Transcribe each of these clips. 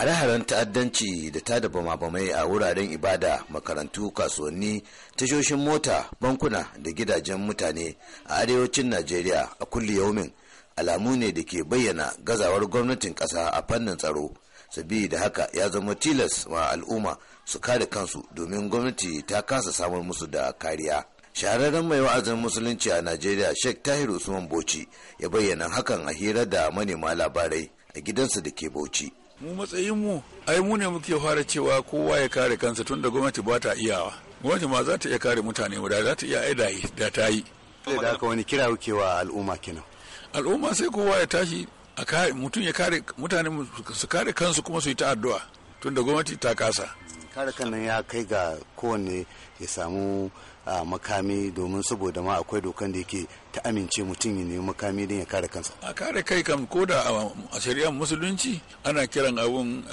hare-haren ta'addanci da ta bama-bamai a wuraren ibada makarantu kasuwanni tashoshin mota bankuna da gidajen mutane a arewacin najeriya a kulli yaumin alamu ne da ke bayyana gazawar gwamnatin ƙasa a fannin tsaro sabida haka ya zama tilas wa al'umma su kare kansu domin gwamnati ta kasa samar musu da kariya shahararren mai wa'azin musulunci a najeriya sheikh tahir usman bauchi ya bayyana hakan a hira da manema labarai a gidansa da ke bauchi mu matsayinmu ai mu ne muke fara cewa kowa ya kare kansa tunda gwamnati ba ta iyawa gwamnati ma za ta iya kare mutane da za ta iya aidaye da ta yi da haka wani kira kuke wa al'umma kenan al'umma sai kowa ya tashi a kare mutum ya kare mutane su kare kansu kuma su yi ta addu'a tunda gwamnati ta kasa kare kan nan ya kai ga kowanne ya samu makami domin saboda ma akwai dokan da yake ta amince mutum ya nemi makami don ya kare kansa a kare kai kam ko da a shari'ar musulunci ana kiran abun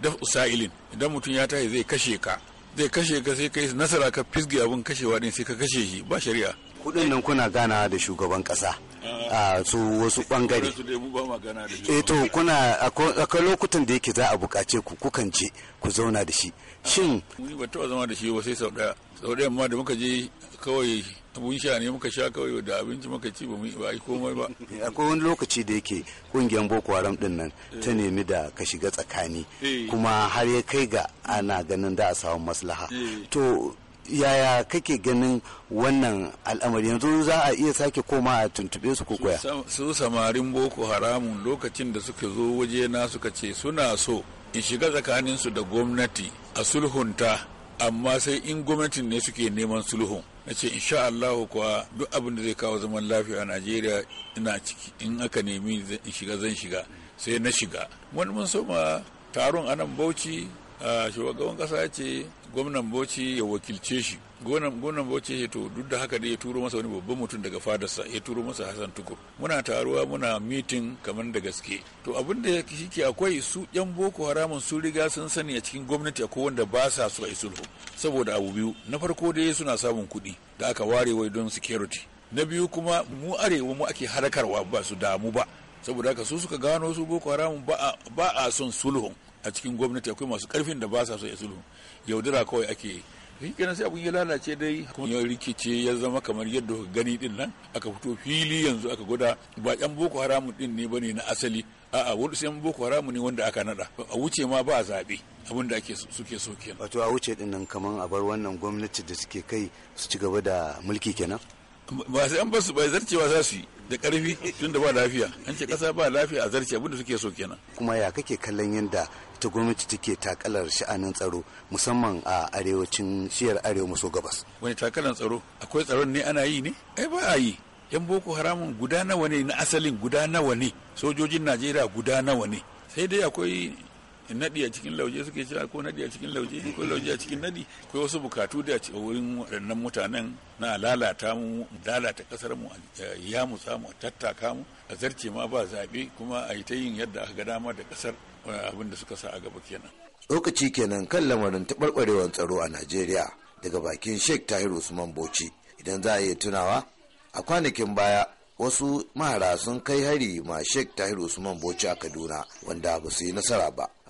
daf usailin idan mutum ya tashi zai kashe ka zai kashe ka sai ka nasara ka fisge abun kashewa din sai ka kashe shi ba shari'a kudin nan kuna ganawa da shugaban kasa a ah, ah, su wasu bangare Eto eh to kuna akwai lokutan da yake za a bukace ku kukan je ku zauna da shi shin Mun ba taɓa zama da shi ba sai sau ɗaya sau ɗaya amma da muka je kawai abun sha ne muka sha kawai da abinci muka ci ba ba yi komai ba eh, akwai wani lokaci da yake kungiyar boko haram din nan ta eh. nemi da ka shiga tsakani kuma har ya kai ga ana ganin da a samu maslaha to yaya kake ganin wannan al'amari yanzu za a iya sake koma a tuntube su koya su samarin boko haramun lokacin da suka zo waje na suka ce suna so in shiga tsakaninsu da gwamnati a sulhunta amma sai in gwamnatin ne suke neman sulhun na ce insha Allah kuwa duk abin da zai kawo zaman lafiya a Najeriya ina ciki in aka nemi in shiga zan shiga sai na shiga wani mun so ma taron anan Bauchi shugaban kasa ya ce gwamnan bauchi ya wakilce shi gwamnan bauchi ya to duk da haka da ya turo masa wani babban mutum daga fadarsa ya turo masa hassan tukur muna taruwa muna mitin kamar da gaske to abin da ke akwai su yan boko haramun su riga sun sani a cikin gwamnati akwai wanda ba sa so a yi sulhu saboda abu biyu na farko dai suna samun kuɗi da aka ware wai don security na biyu kuma mu arewa mu ake harkarwa ba su damu ba saboda haka su suka gano su boko haramun ba a son sulhu. a cikin gwamnati akwai masu karfin da ba sa so ya sulhu yaudara kawai ake yi kenan sai abun ya lalace dai kuma ya rikice ya zama kamar yadda gani din nan aka fito fili yanzu aka gwada ba yan boko haramun din ne bane na asali a'a wani sai boko haramun ne wanda aka nada a wuce ma ba zabe abun da ake suke so kenan wato a wuce din nan kaman a bar wannan gwamnati da suke kai su ci gaba da mulki kenan ba sai an ba su bai zarcewa za su yi da karfi tun da ba lafiya an ce kasa ba lafiya a zarce abinda suke so kenan kuma ya kake kallon yadda ta gwamnati take takalar sha'anin tsaro musamman a arewacin shiyar arewa maso gabas wani takalar tsaro akwai tsaron ne ana yi ne ai ba a yi yan boko haramun guda nawa ne na asalin guda nawa ne sojojin najeriya guda nawa ne sai dai akwai naɗi a cikin lauje suke cewa ko naɗi a cikin lauje ko lauje a cikin naɗi ko wasu bukatu da a wurin waɗannan mutanen na lalata mu lalata kasar mu ya mu samu a tattaka mu a zarce ma ba zaɓe kuma a yi ta yin yadda aka ga dama da kasar abin da suka sa a gaba kenan. lokaci kenan kan lamarin taɓarɓarewar tsaro a najeriya daga bakin sheikh tahir usman bauchi idan za a iya tunawa a kwanakin baya wasu mahara sun kai hari ma sheikh tahir usman bauchi a kaduna wanda ba su yi nasara ba